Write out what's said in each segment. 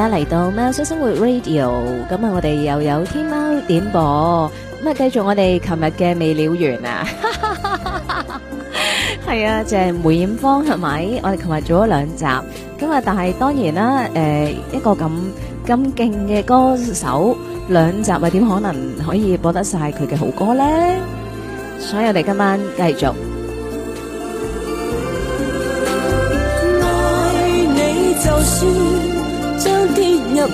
而家嚟到喵式生活 Radio，咁啊，我哋又有天喵點播，咁啊，繼續我哋琴日嘅未了完啊，係啊，就係梅艷芳係咪？我哋琴日做咗兩集，咁啊，但係當然啦，誒，一個咁咁勁嘅歌手，兩集啊，點可能可以播得晒佢嘅好歌咧？所以我哋今晚繼續。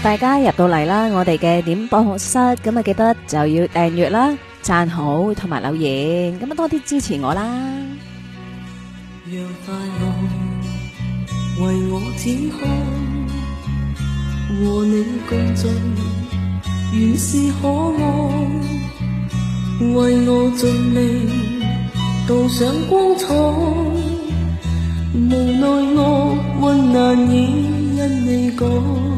大家入到嚟啦，我哋嘅點播室咁啊，記得就要訂閱啦、贊好同埋留言，咁啊多啲支持我啦。讓快樂為我展開，和你共聚原是可愛，為我盡力鍍上光彩，無奈惡運難以因你改。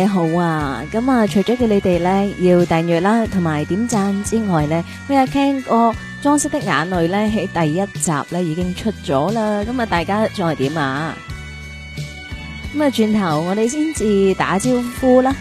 你好啊，咁啊，除咗叫你哋咧要訂閱啦，同埋點贊之外咧，咩啊？聽歌《裝飾的眼淚》咧，喺第一集咧已經出咗啦，咁啊，大家再點啊？咁啊，轉頭我哋先至打招呼啦。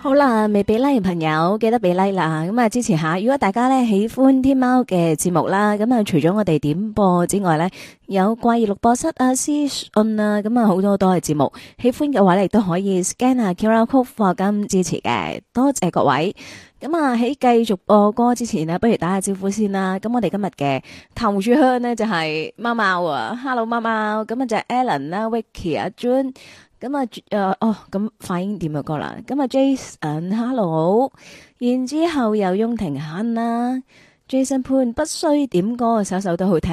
好啦，未俾 like 嘅朋友記得俾 like 啦，咁啊支持下。如果大家咧喜歡天喵嘅節目啦，咁啊除咗我哋點播之外咧，有怪異錄播室啊、屍訊啊，咁啊好多多嘅節目。喜歡嘅話咧，亦都可以 scan 下 QR code 課金支持嘅。多謝各位。咁啊喺繼續播歌之前呢，不如打下招呼先啦。咁我哋今日嘅頭柱香呢，Hello，貓貓就係貓貓啊，Hello 貓貓，咁啊就係 Alan 啦、Vicky 阿 John。咁、嗯、啊，誒、嗯、哦，咁快應點嘅歌啦？咁啊，Jason，Hello，然之後又翁庭喊啦。Jason 潘不需點歌，首首都好聽，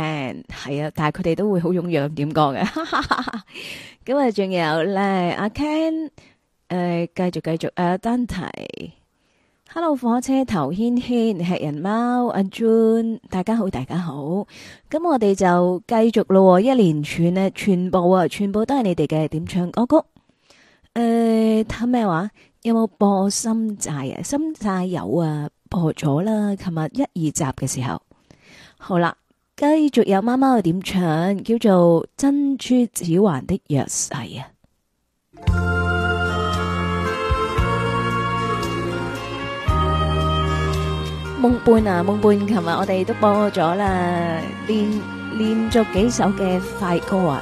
係啊，但係佢哋都會好踴躍點歌嘅哈哈哈哈。咁、嗯嗯、啊，仲有咧，阿 Ken 誒、呃，繼續繼續啊，丹、呃、提。Dante Hello，火車頭軒軒、Hien Hien，吃人貓阿 June，大家好，大家好。咁我哋就繼續咯，一連串咧，全部啊，全部都係你哋嘅點唱歌曲。誒、呃，睇咩話？有冇播心債啊？心債有啊，播咗啦。琴日一二集嘅時候，好啦，繼續有貓貓點唱，叫做珍珠指環的約誓。夢伴啊，夢伴，琴日我哋都播咗啦，連連續幾首嘅快歌啊。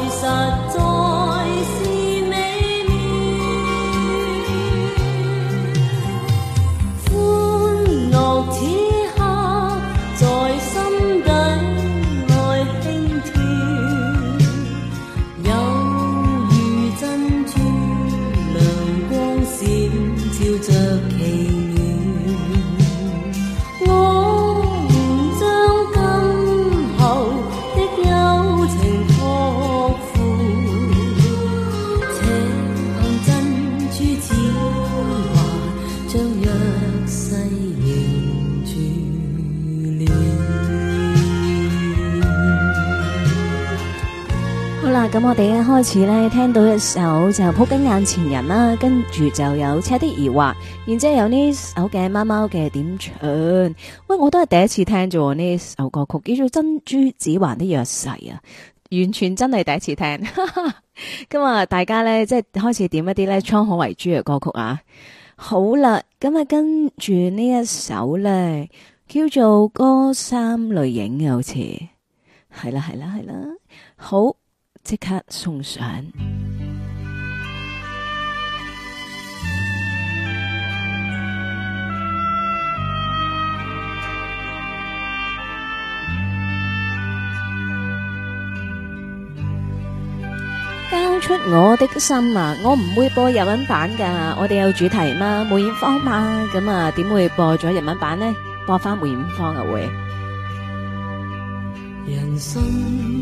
咁我哋一開始咧，聽到一首就抱緊眼前人啦，跟住就有車啲疑惑，然之後有呢首嘅貓貓嘅點唱。喂，我都係第一次聽啫，呢首歌曲叫做《珍珠指環的約誓》啊，完全真係第一次聽。咁啊，大家咧，即係開始點一啲咧滄海遺珠嘅歌曲啊。好啦，咁啊跟住呢一首咧，叫做《歌衫淚影》啊，好似係啦係啦係啦，好。即刻送上，交出我的心啊！我唔會播日文版㗎，我哋有主題嘛，梅艷芳嘛。咁啊，點會播咗日文版呢？播返梅艷芳啊，會。人生。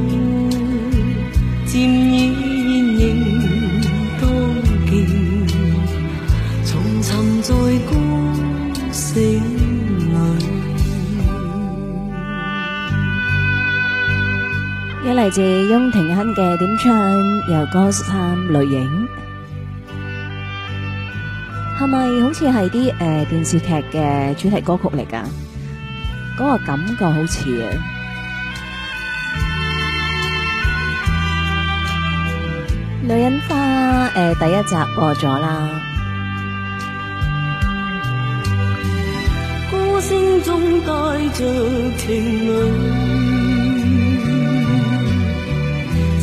係謝翁庭亨嘅《點唱》，由歌手三女影，係咪好似係啲誒電視劇嘅主題歌曲嚟㗎？嗰個感覺好似啊！《女人花》誒第一集播咗啦。歌聲中帶著情濃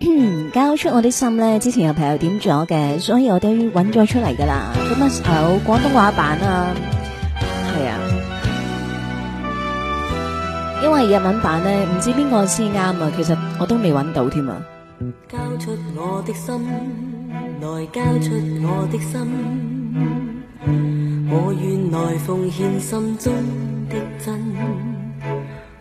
嗯，交出我的心呢，之前有朋友點咗嘅，所以我都揾咗出嚟噶啦。咁啊，有廣東話版啊，係啊，因為日文版呢，唔知邊個先啱啊，其實我都未揾到添啊。交出我的心，來交出我的心，我願來奉獻心中的真。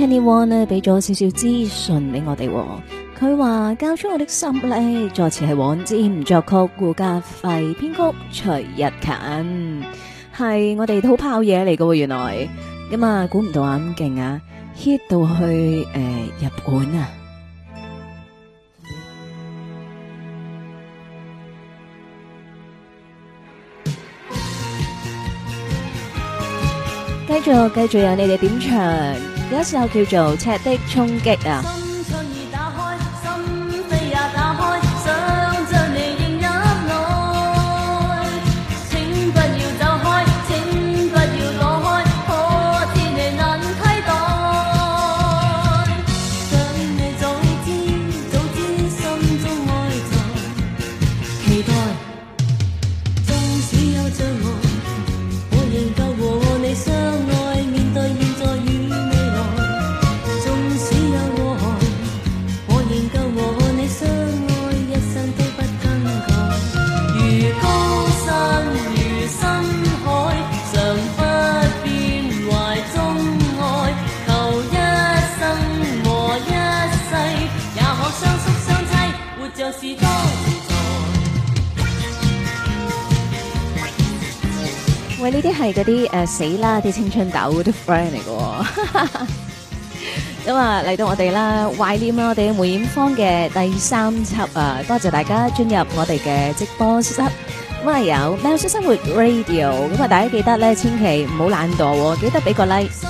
Anyone 呢，俾咗少少資訊俾我哋，佢話交出我的心咧，作詞係王姿，唔作曲顧嘉輝，編曲徐日勤，係我哋都土炮嘢嚟噶，原來咁、嗯、啊，估唔到咁勁啊，hit 到去誒、呃、日本啊！繼續繼續有你哋點唱。有一首叫做《赤的衝擊》啊。係嗰啲誒死啦啲青春豆啲 friend 嚟噶，咁啊嚟到我哋啦，懷念我哋梅艷芳嘅第三輯啊！多謝大家進入我哋嘅直播室，咁啊有喵式生活 radio，咁啊大家記得咧，千祈唔好懶惰，記得俾個 like。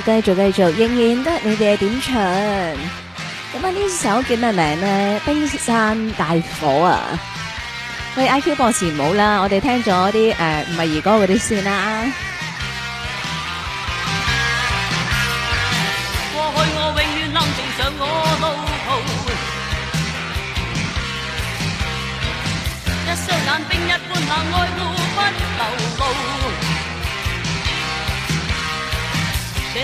繼續繼續，仍然得你哋點唱？咁啊，呢首叫咩名咧？《冰山大火》啊！喂，IQ 博士唔好啦，我哋聽咗啲誒唔係兒歌嗰啲先啦。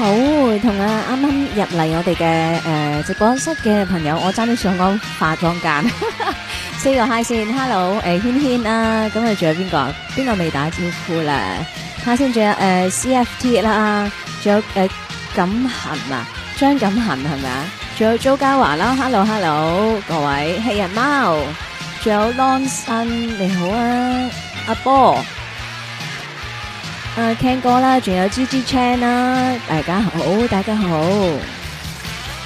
好，同啊啱啱入嚟我哋嘅誒直播室嘅朋友，我爭啲想講化妝間，四個海線，hello，誒軒軒啦，咁你仲有邊個啊？邊個未打招呼咧？海先仲有誒、呃、CFT 啦，仲有誒錦恒啊，張錦恒係咪啊？仲有周嘉華啦 hello，hello hello，各位係人貓，仲有 Long Sun 你好啊，阿波。誒，Ken 哥啦，仲有 GG Chan 啦，大家好，大家好，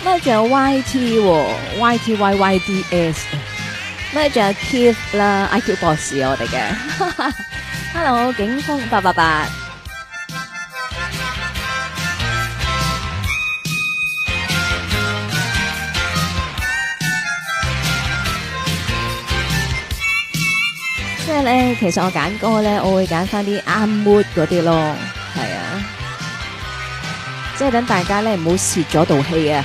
乜仲有 Y T 和、哦、Y T Y Y D S，乜仲有 Keith 啦，IQ 博士我哋嘅 ，Hello 警方八八八,八。咧，其實我揀歌咧，我會揀翻啲啱 mood 嗰啲咯，係啊，即係等大家咧唔好泄咗道氣啊！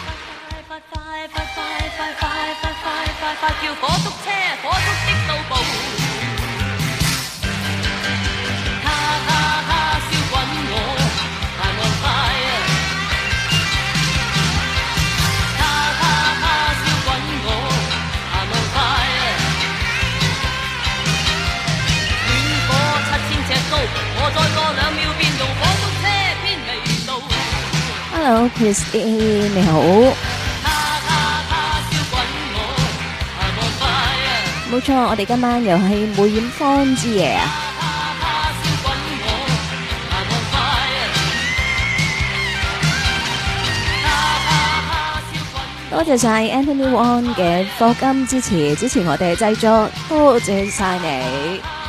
Hello, Chris，你好。冇錯，我哋今晚又係梅艷芳之夜。多謝晒 Anthony Wong 嘅課金支持，支持我哋嘅製作，多謝晒你。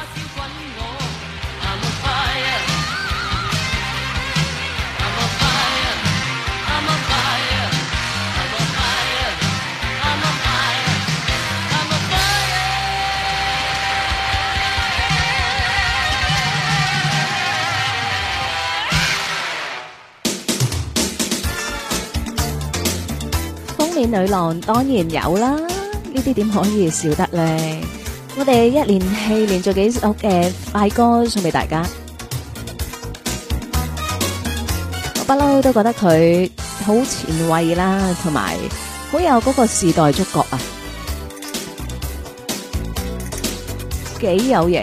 女郎當然有啦，呢啲點可以笑得咧？我哋一連氣連咗幾首嘅快歌送俾大家，我不嬲都覺得佢好前衛啦，同埋好有嗰個時代觸覺啊，幾有型！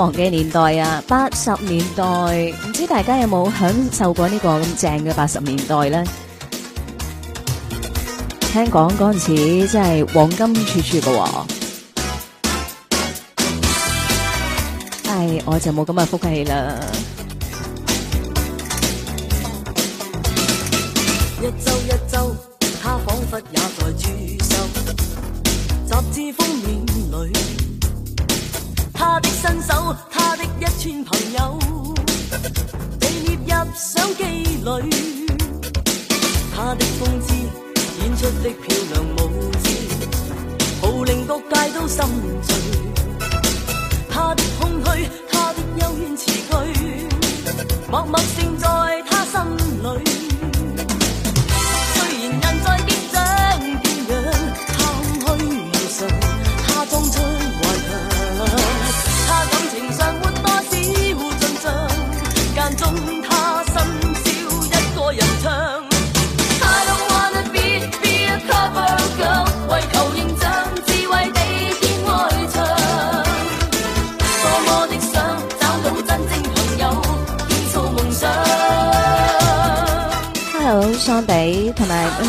黃嘅年代啊，八十年代，唔知大家有冇享受過呢個咁正嘅八十年代咧？聽講嗰陣時真係黃金處處嘅喎，唉，我就冇咁嘅福氣啦。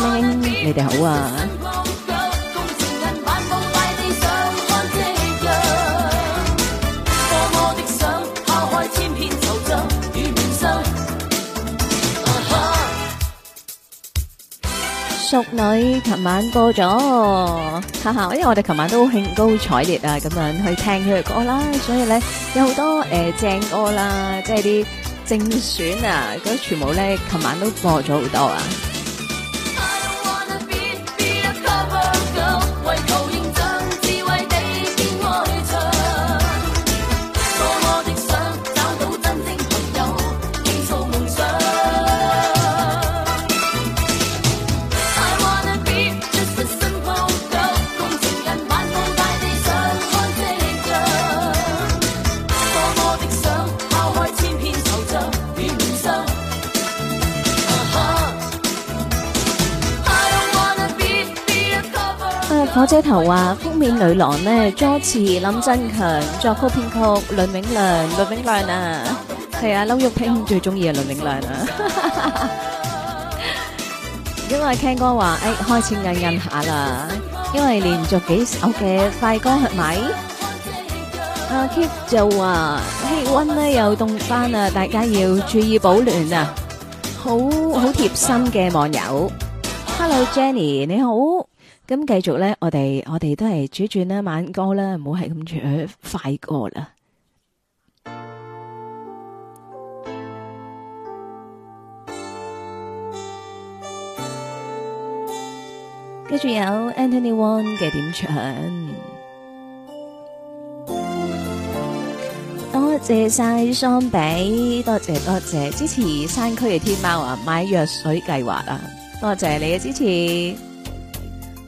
阿英，你哋好啊！淑女琴晚播咗，哈哈，因為我哋琴晚都興高采烈啊，咁樣去聽佢嘅歌啦，所以咧有好多誒正歌啦，即係啲正選啊，嗰啲全部咧琴晚都播咗好多啊！車頭話封面女郎咧，作詞林振強，作曲編曲倫永亮，倫永亮啊，係啊，劉玉萍最中意啊，倫永亮啊，因為聽歌話，哎，開始陰陰下啦，因為連續幾首嘅快歌係咪？阿 K 就話氣温咧又凍翻啦，大家要注意保暖啊，好好貼心嘅網友，Hello Jenny，你好。咁繼續咧，我哋我哋都係主轉啦，慢歌啦，唔好係咁唱快歌啦。跟住有 Anthony Wong 嘅點唱，多謝曬雙比，多謝多謝支持山區嘅天貓啊，買藥水計劃啊，多謝你嘅支持。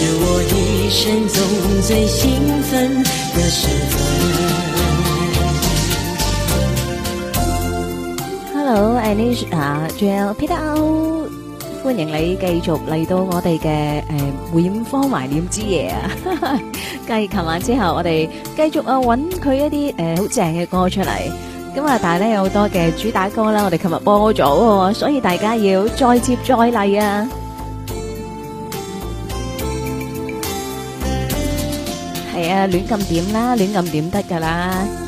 是我一生中最興奮嘅時刻。Hello, Anita, John, Peter, 歡迎你繼續嚟到我哋嘅誒梅艷芳懷念之夜啊！繼 琴晚之後，我哋繼續啊揾佢一啲誒好正嘅歌出嚟。咁啊，但係咧有好多嘅主打歌啦，我哋琴日播咗，所以大家要再接再厲啊！係啊，亂咁點啦，亂咁點得噶啦。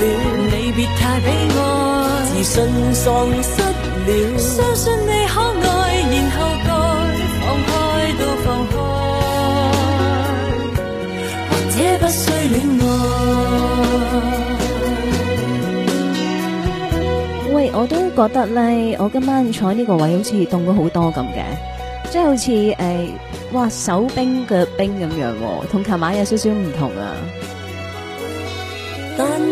你別太悲哀，自信喪失了，相信你可愛，然後再放開到放開或者不需戀愛。喂，我都覺得呢，我今晚坐呢個位好似凍咗好多咁嘅，即係好似誒，嘩，手冰腳冰咁樣喎，同琴晚有少少唔同啊。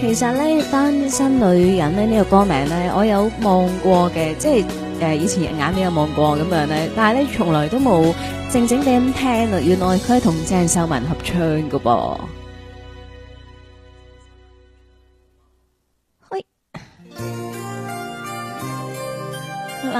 其實咧，單身女人咧，呢、這個歌名咧，我有望過嘅，即係誒、呃，以前眼尾有望過咁樣咧，但係咧從來都冇靜靜地咁聽啊。原來佢係同鄭秀文合唱㗎噃。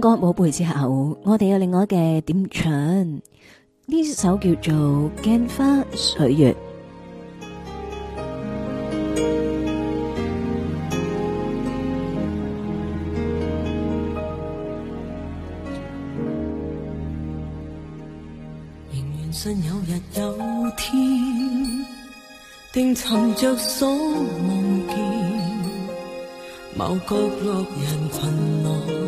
歌舞輩之後，我哋有另外嘅點唱，呢首叫做《鏡花水月》。仍然信有日有天，定尋着所望見，某角落人群內。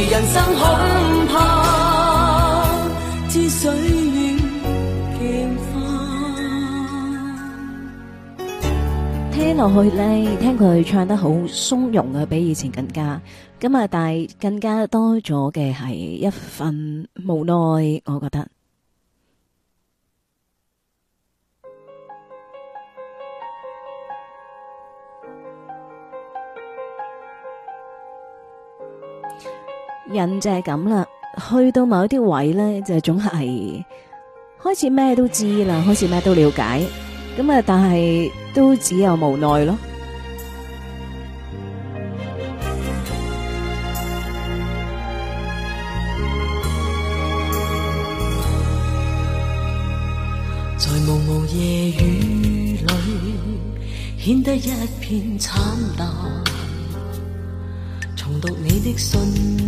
人生恐怕似水，已見花。聽落去咧，聽佢唱得好鬆容啊，比以前更加。咁啊，但係更加多咗嘅係一份無奈，我覺得。人就係咁啦，去到某一啲位咧，就總係開始咩都知啦，開始咩都，都了解，咁啊，但係都只有無奈咯。在濛濛夜雨裏，顯得一片慘淡。重讀你的信。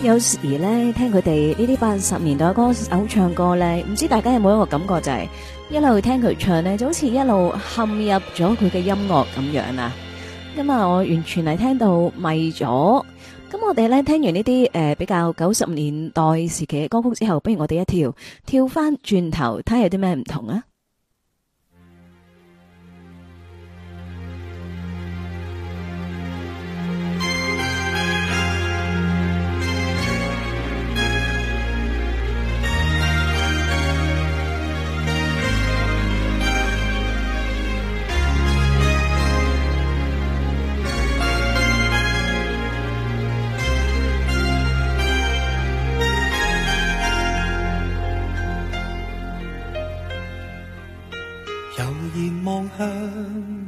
有時咧，聽佢哋呢啲八十年代歌手唱歌咧，唔知大家有冇一個感覺就係一路聽佢唱咧，就好似一路陷入咗佢嘅音樂咁樣啊！咁、嗯、啊，我完全係聽到迷咗。咁我哋咧聽完呢啲誒比較九十年代時期嘅歌曲之後，不如我哋一跳跳翻轉頭睇下有啲咩唔同啊！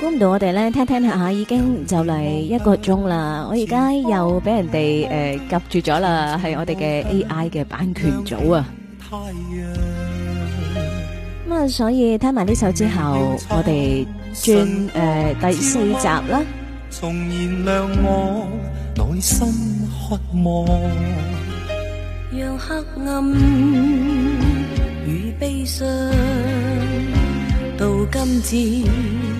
估唔到我哋咧，聽聽下下已經就嚟一個鐘啦！我而家又俾人哋誒夾住咗啦，係我哋嘅 AI 嘅版權組啊！咁啊，所以聽埋呢首之後，我哋轉誒第四集啦。從燃亮我內心渴望，讓黑暗與悲傷到今朝。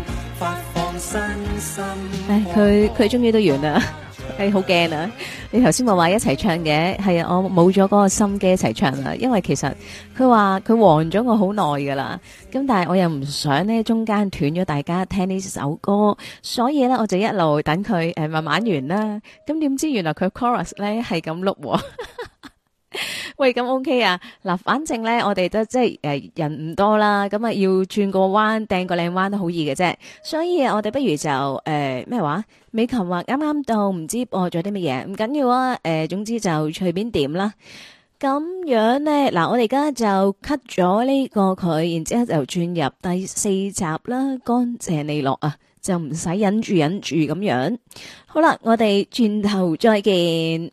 唉、哎，佢佢終於都完啦，唉、哎，好驚啊！你頭先咪話一齊唱嘅，係啊，我冇咗嗰個心機一齊唱啦，因為其實佢話佢黃咗我好耐㗎啦，咁但係我又唔想呢中間斷咗大家聽呢首歌，所以咧我就一路等佢誒慢慢完啦，咁點知原來佢 chorus 咧係咁碌喎。 喂，咁 OK 啊！嗱，反正咧，我哋都即係誒，人唔多啦，咁啊要轉個彎，掟個靚彎都好易嘅啫。所以，我哋不如就誒咩、呃、話？美琴話啱啱到，唔知播咗啲乜嘢，唔緊要啊。誒、呃，總之就隨便點啦。咁樣呢，嗱，我哋而家就 cut 咗呢個佢，然之後就轉入第四集啦。乾淨利落啊，就唔使忍住忍住咁樣。好啦，我哋轉頭再見。